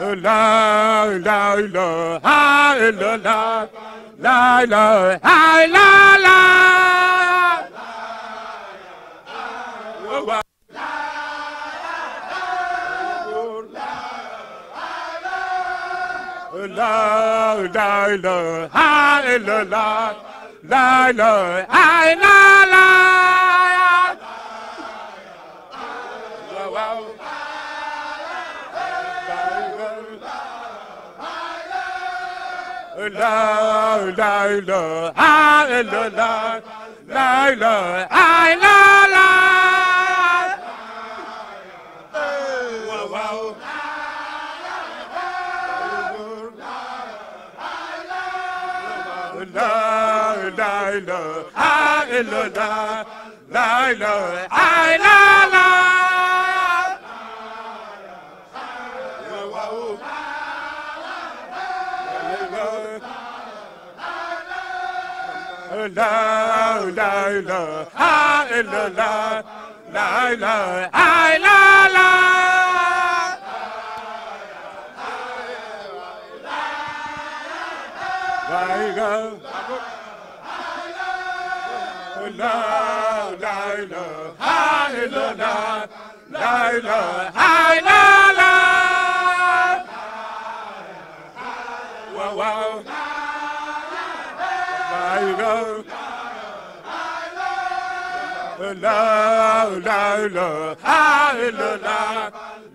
la la la ha la la la la ha la la La la la, ha la la, la la, ha la la. la la la ah la la la la la ah la la la la la ah la la la la ah la la la la la ha la la la la I la la I go. La la la la la la la la la la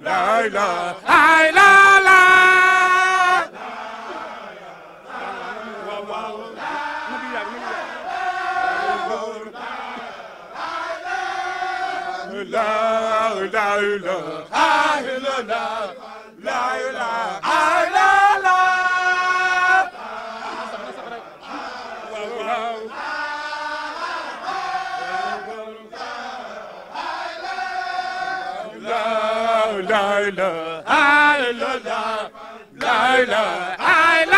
la la la ilaha illallah la ilaha illallah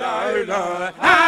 la la la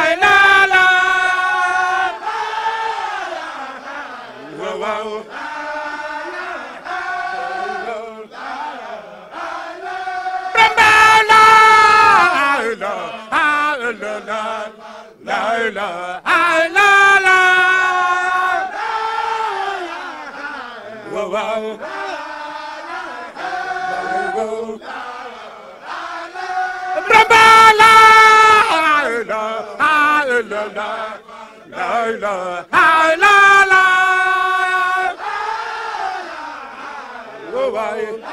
Bye.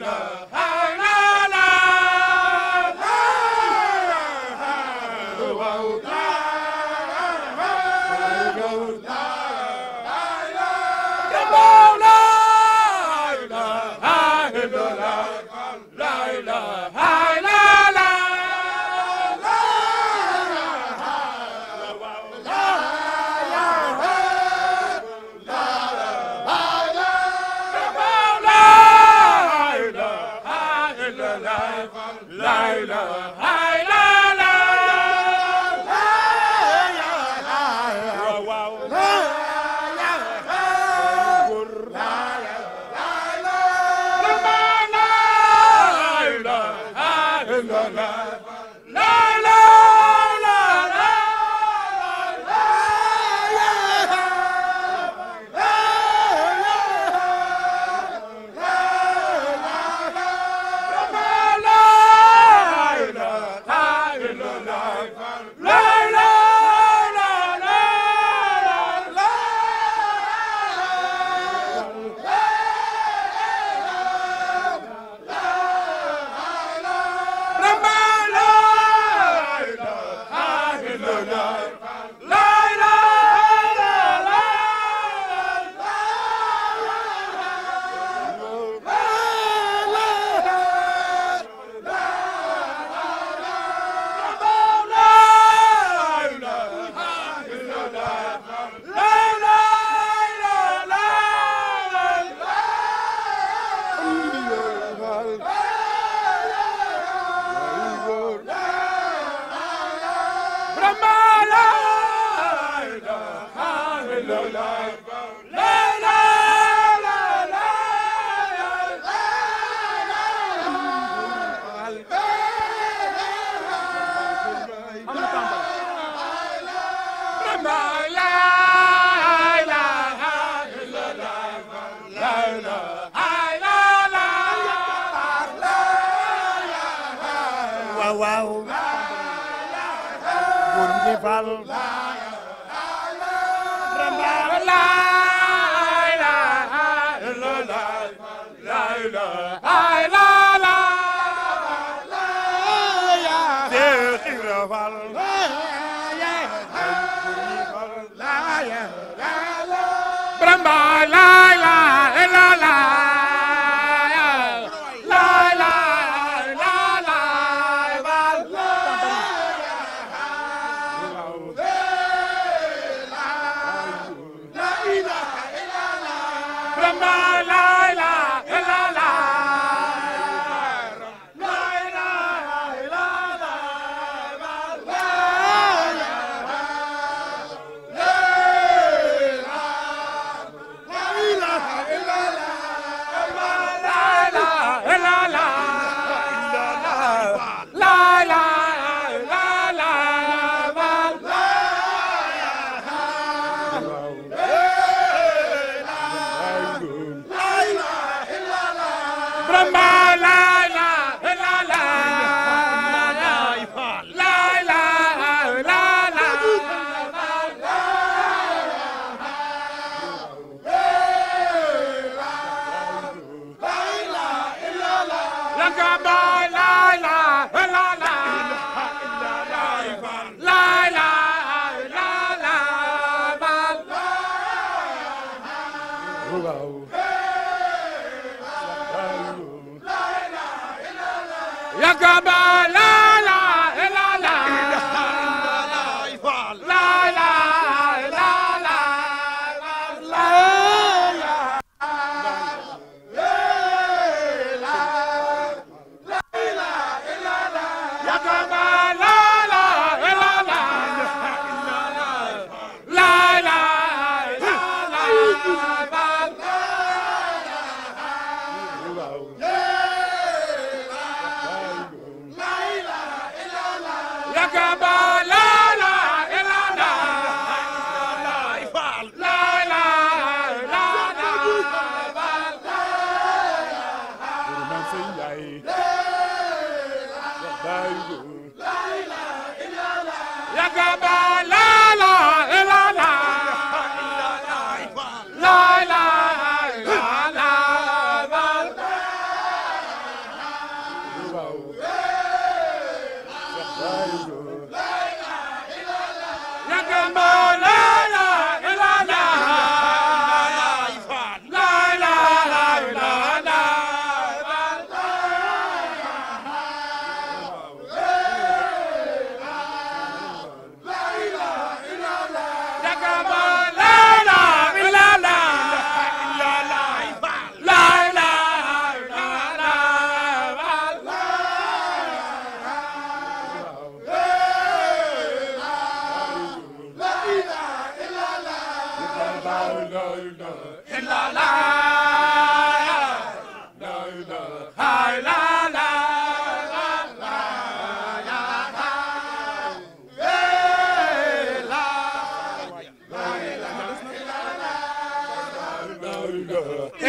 la la ilaha رمالا waaw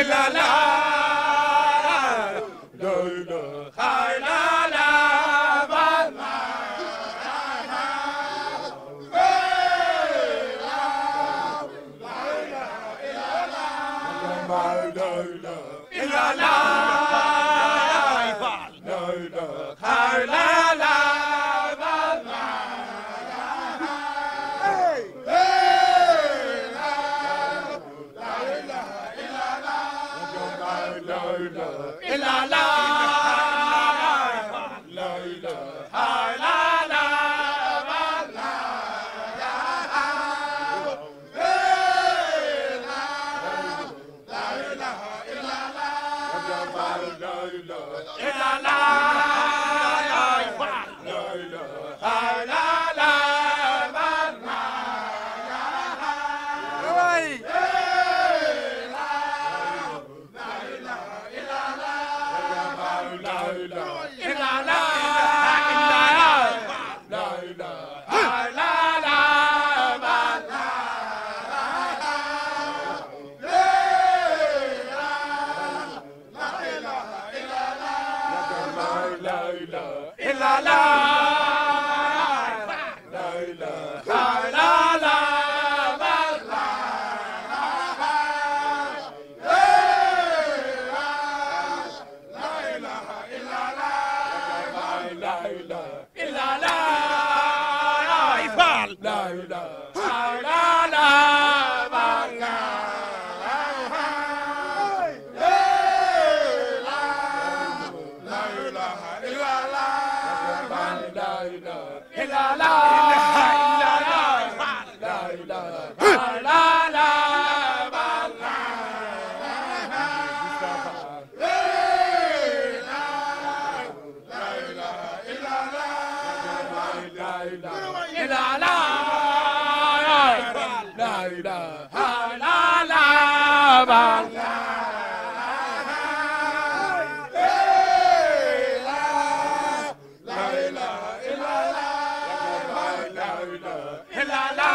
la la la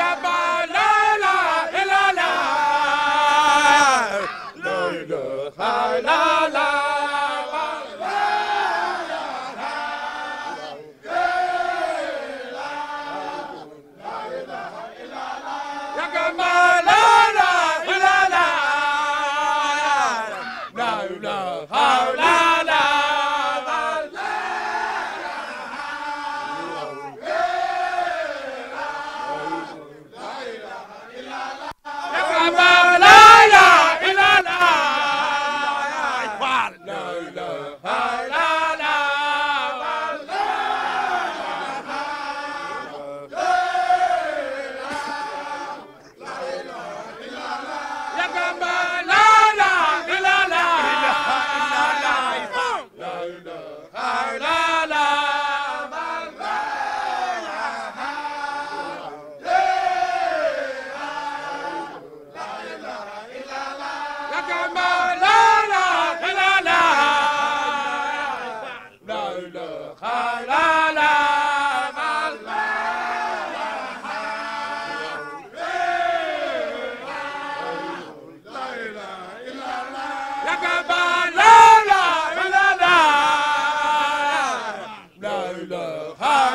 Jàmbaar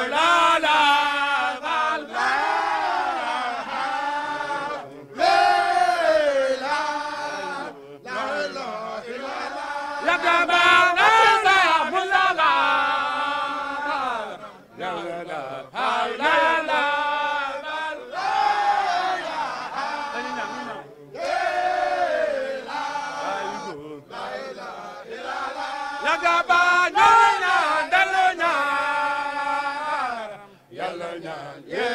la ñaan